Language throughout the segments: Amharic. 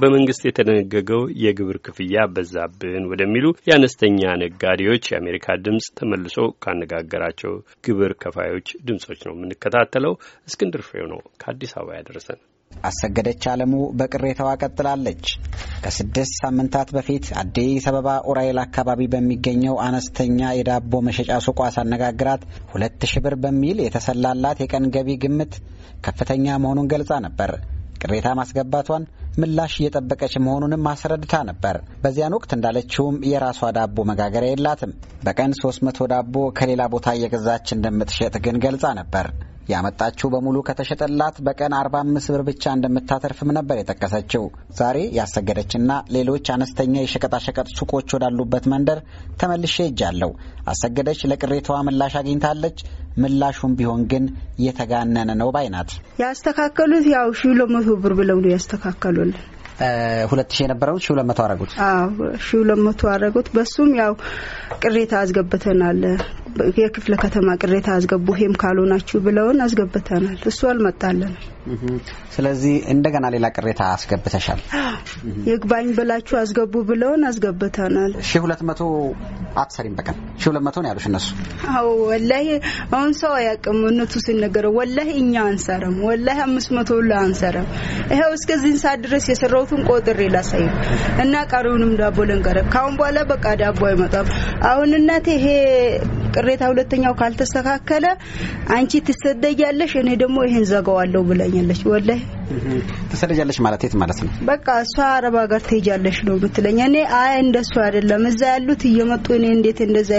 በመንግስት የተደነገገው የግብር ክፍያ በዛብን ወደሚሉ የአነስተኛ ነጋዴዎች የአሜሪካ ድምፅ ተመልሶ ካነጋገራቸው ግብር ከፋዮች ድምጾች ነው የምንከታተለው። እስክንድር ፍሬው ነው ከአዲስ አበባ ያደረሰን። አሰገደች አለሙ በቅሬታዋ ቀጥላለች። ከስድስት ሳምንታት በፊት አዲስ አበባ ኡራኤል አካባቢ በሚገኘው አነስተኛ የዳቦ መሸጫ ሱቋ ሳነጋግራት ሁለት ሺ ብር በሚል የተሰላላት የቀን ገቢ ግምት ከፍተኛ መሆኑን ገልጻ ነበር። ቅሬታ ማስገባቷን ምላሽ እየጠበቀች መሆኑንም ማስረድታ ነበር። በዚያን ወቅት እንዳለችውም የራሷ ዳቦ መጋገሪያ የላትም። በቀን ሶስት መቶ ዳቦ ከሌላ ቦታ እየገዛች እንደምትሸጥ ግን ገልጻ ነበር። ያመጣችው በሙሉ ከተሸጠላት በቀን 45 ብር ብቻ እንደምታተርፍም ነበር የጠቀሰችው። ዛሬ ያሰገደችና ሌሎች አነስተኛ የሸቀጣሸቀጥ ሱቆች ወዳሉበት መንደር ተመልሼ እጃለሁ። አሰገደች ለቅሬታዋ ምላሽ አግኝታለች። ምላሹም ቢሆን ግን የተጋነነ ነው ባይናት። ያስተካከሉት ያው ሺህ ለመቶ ብር ብለው ነው ያስተካከሉልን ሁለት ሺ የነበረውን ሺ ሁለት መቶ አረጉት። ሺ ሁለት መቶ አረጉት። በሱም ያው ቅሬታ አስገብተናል። የክፍለ ከተማ ቅሬታ አስገቡ፣ ይሄም ካልሆናችሁ ብለውን አስገብተናል። እሱ አልመጣለን ስለዚህ እንደገና ሌላ ቅሬታ አስገብተሻል። ይግባኝ ብላችሁ አስገቡ ብለውን አስገብተናል። ሺ ሁለት መቶ አትሰሪም በቀን ሺ ሁለት መቶ ነው ያሉሽ እነሱ። አዎ ወላሂ አሁን ሰው አያውቅም እውነቱ ሲነገረው፣ ወላሂ እኛ አንሰረም፣ ወላሂ አምስት መቶ ሁሉ አንሰረም። ይኸው እስከዚህን ሰዓት ድረስ የሰራሁትን ቆጥሬ ላሳይ እና ቀሪውንም ዳቦ ልንገረ። ካሁን በኋላ በቃ ዳቦ አይመጣም። አሁን እናቴ ይሄ ቅሬታ ሁለተኛው ካልተስተካከለ አንቺ ትሰደጃለሽ፣ እኔ ደግሞ ይሄን ዘጋዋለሁ ብለኛለች። ወላሂ ትሰደጃለሽ ማለት የት ማለት ነው? በቃ እሷ አረብ ሀገር ትሄጃለሽ ነው ብትለኝ፣ እኔ አይ እንደሱ አይደለም፣ እዛ ያሉት እየመጡ እኔ እንዴት እንደዛ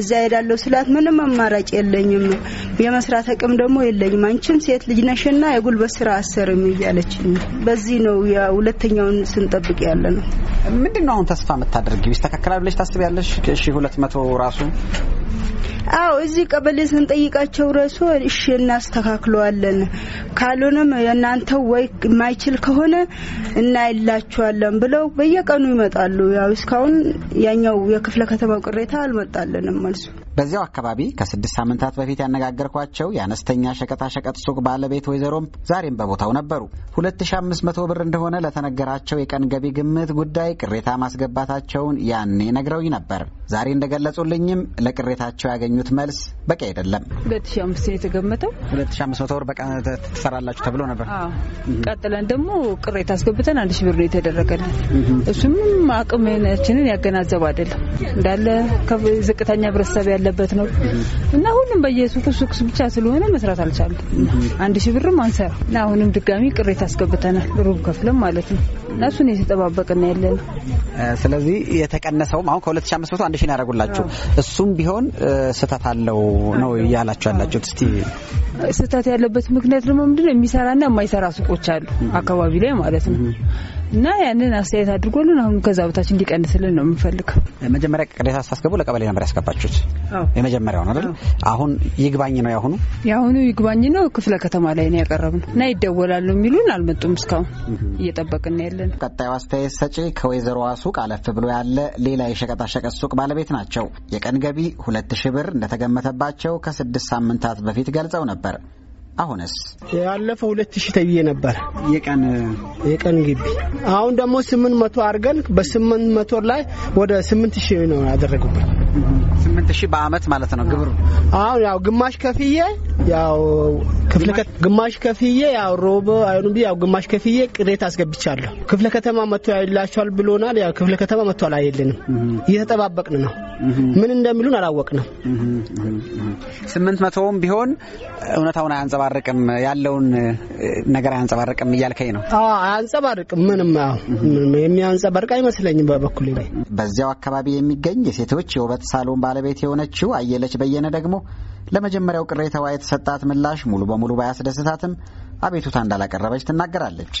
እዛ ሄዳለሁ ስላት፣ ምንም አማራጭ የለኝም፣ የመስራት አቅም ደግሞ የለኝም፣ አንቺም ሴት ልጅ ነሽና የጉልበት ስራ አሰርም እያለች በዚህ ነው ሁለተኛውን ስንጠብቅ ያለ ነው። ምንድን ነው አሁን ተስፋ የምታደርጊው? ይስተካከላል ብለሽ ታስቢያለሽ? እሺ ሁለት መቶ ራሱ አዎ እዚህ ቀበሌ ስንጠይቃቸው ረሱ እሺ እናስተካክለዋለን፣ ካልሆነም የእናንተው ወይ የማይችል ከሆነ እናይላችኋለን ብለው በየቀኑ ይመጣሉ። ያው እስካሁን ያኛው የክፍለ ከተማው ቅሬታ አልመጣልንም መልሱ በዚያው አካባቢ ከስድስት ሳምንታት በፊት ያነጋገርኳቸው የአነስተኛ ሸቀጣሸቀጥ ሱቅ ባለቤት ወይዘሮም ዛሬም በቦታው ነበሩ። 2500 ብር እንደሆነ ለተነገራቸው የቀን ገቢ ግምት ጉዳይ ቅሬታ ማስገባታቸውን ያኔ ነግረውኝ ነበር። ዛሬ እንደገለጹልኝም ለቅሬታቸው ያገኙት መልስ በቂ አይደለም። 2500 የተገመተው። 2500 ብር በቀን ትሰራላችሁ ተብሎ ነበር። ቀጥለን ደግሞ ቅሬታ አስገብተን አንድ ሺ ብር ነው የተደረገልን። እሱም አቅማችንን ያገናዘብ አይደለም እንዳለ ዝቅተኛ ህብረተሰብ ያለ ያለበት ነው እና ሁሉም በየሱቁ ሱቅ ብቻ ስለሆነ መስራት አልቻለም። አንድ ሺ ብርም አንሰራ እና አሁንም ድጋሚ ቅሬታ አስገብተናል። ሩብ ከፍለም ማለት ነው እና እሱን የተጠባበቅና ያለ ነው። ስለዚህ የተቀነሰውም አሁን ከ2500 አንድ ሺህ ያደረጉላችሁ እሱም ቢሆን ስህተት አለው ነው እያላችሁ ያላችሁት። እስቲ ስህተት ያለበት ምክንያት ደግሞ ምንድነው? የሚሰራና የማይሰራ ሱቆች አሉ አካባቢ ላይ ማለት ነው እና ያንን አስተያየት አድርጎልን አሁን ከዛ በታች እንዲቀንስልን ነው የምንፈልገው። መጀመሪያ ቅሬታ ስታስገቡ ለቀበሌ ነበር ያስገባችሁት? የመጀመሪያው ነው አይደል? አሁን ይግባኝ ነው ያሁኑ የአሁኑ ይግባኝ ነው ክፍለ ከተማ ላይ ነው ያቀረብነው እና ይደወላሉ የሚሉን አልመጡም። እስካሁን እየጠበቅን ያለን። ቀጣዩ አስተያየት ሰጪ ከወይዘሮ ሱቅ አለፍ ብሎ ያለ ሌላ የሸቀጣሸቀጥ ሱቅ ባለቤት ናቸው። የቀን ገቢ ሁለት ሺህ ብር እንደተገመተባቸው ከስድስት ሳምንታት በፊት ገልጸው ነበር። አሁንስ ያለፈው ሁለት ሺህ ተብዬ ነበር የቀን የቀን ግቢ አሁን ደግሞ ስምንት መቶ አድርገን በስምንት መቶ ላይ ወደ ስምንት ሺህ ነው ያደረጉበት። ስምንት ሺህ በአመት ማለት ነው ግብሩ። አሁን ያው ግማሽ ከፍዬ ያው ክፍለ ግማሽ ከፍዬ ያው ሮብ አይኑ ቢ ያው ግማሽ ከፍዬ ቅሬታ አስገብቻለሁ። ክፍለ ከተማ መጥቶ ያይላቸዋል ብሎናል። ያው ክፍለ ከተማ መጥቶ አላየልንም። እየተጠባበቅን ነው። ምን እንደሚሉን አላወቅንም። ስምንት መቶውም ቢሆን እውነታውን አያንጸባርቅም፣ ያለውን ነገር አያንጸባርቅም እያልከኝ ነው? አያንጸባርቅም። ምንም ያው የሚያንጸባርቅ አይመስለኝም በበኩሌ ላይ በዚያው አካባቢ የሚገኝ የሴቶች የውበት ሳሎን ባለቤት የሆነችው አየለች በየነ ደግሞ ለመጀመሪያው ቅሬታዋ የተሰጣት ምላሽ ሙሉ በሙሉ ባያስደስታትም አቤቱታ እንዳላቀረበች ትናገራለች።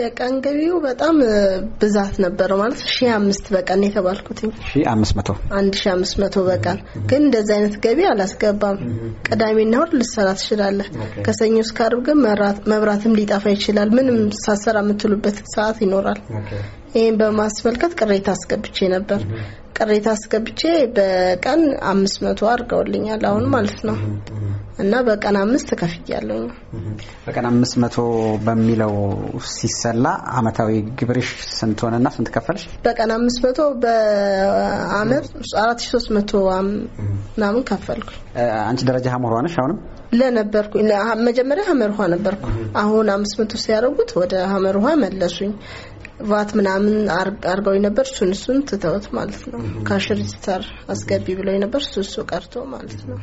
የቀን ገቢው በጣም ብዛት ነበረ ማለት ሺ አምስት በቀን የተባልኩት ሺ አምስት መቶ አንድ ሺ አምስት መቶ በቀን ግን እንደዚህ አይነት ገቢ አላስገባም። ቅዳሜና እሁድ ልሰራ ትችላለህ። ከሰኞ እስከ አርብ ግን መብራትም ሊጠፋ ይችላል። ምንም ሳሰራ የምትሉበት ሰዓት ይኖራል። ይህም በማስመልከት ቅሬታ አስገብቼ ነበር። ቅሬታ አስገብቼ በቀን አምስት መቶ አድርገውልኛል አሁን ማለት ነው። እና በቀን አምስት ከፍያለሁ። በቀን አምስት መቶ በሚለው ሲሰላ አመታዊ ግብርሽ ስንት ሆነና ስንት ከፈልሽ? በቀን አምስት መቶ በአመት አራት ሺ ሶስት መቶ ምናምን ከፈልኩ። አንቺ ደረጃ ሀመር ሆነሽ አሁንም ለነበርኩ መጀመሪያ ሀመር ውሃ ነበርኩ። አሁን አምስት መቶ ሲያደርጉት ወደ ሀመር ውሃ መለሱኝ። ቫት ምናምን አርገው ነበር። እሱን እሱን ትተውት ማለት ነው። ካሽ ሬጅስተር አስገቢ ብለው ነበር። እሱ እሱ ቀርቶ ማለት ነው።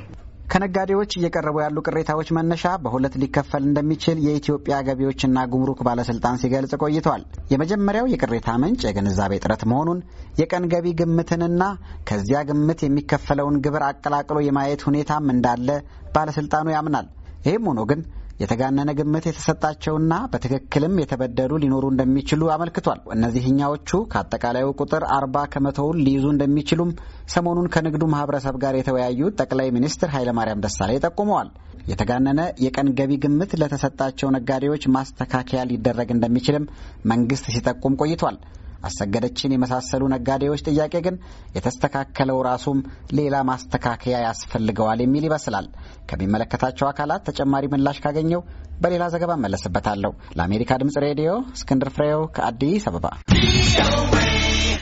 ከነጋዴዎች እየቀረቡ ያሉ ቅሬታዎች መነሻ በሁለት ሊከፈል እንደሚችል የኢትዮጵያ ገቢዎችና ጉምሩክ ባለስልጣን ሲገልጽ ቆይቷል። የመጀመሪያው የቅሬታ ምንጭ የግንዛቤ እጥረት መሆኑን የቀን ገቢ ግምትንና ከዚያ ግምት የሚከፈለውን ግብር አቀላቅሎ የማየት ሁኔታም እንዳለ ባለስልጣኑ ያምናል። ይህም ሆኖ ግን የተጋነነ ግምት የተሰጣቸውና በትክክልም የተበደሉ ሊኖሩ እንደሚችሉ አመልክቷል። እነዚህኛዎቹ ከአጠቃላዩ ቁጥር አርባ ከመቶውን ሊይዙ እንደሚችሉም ሰሞኑን ከንግዱ ማህበረሰብ ጋር የተወያዩ ጠቅላይ ሚኒስትር ኃይለማርያም ደሳለኝ ጠቁመዋል። የተጋነነ የቀን ገቢ ግምት ለተሰጣቸው ነጋዴዎች ማስተካከያ ሊደረግ እንደሚችልም መንግስት ሲጠቁም ቆይቷል። አሰገደችን የመሳሰሉ ነጋዴዎች ጥያቄ ግን የተስተካከለው ራሱም ሌላ ማስተካከያ ያስፈልገዋል የሚል ይመስላል። ከሚመለከታቸው አካላት ተጨማሪ ምላሽ ካገኘው በሌላ ዘገባ እመለስበታለሁ። ለአሜሪካ ድምጽ ሬዲዮ እስክንድር ፍሬው ከአዲስ አበባ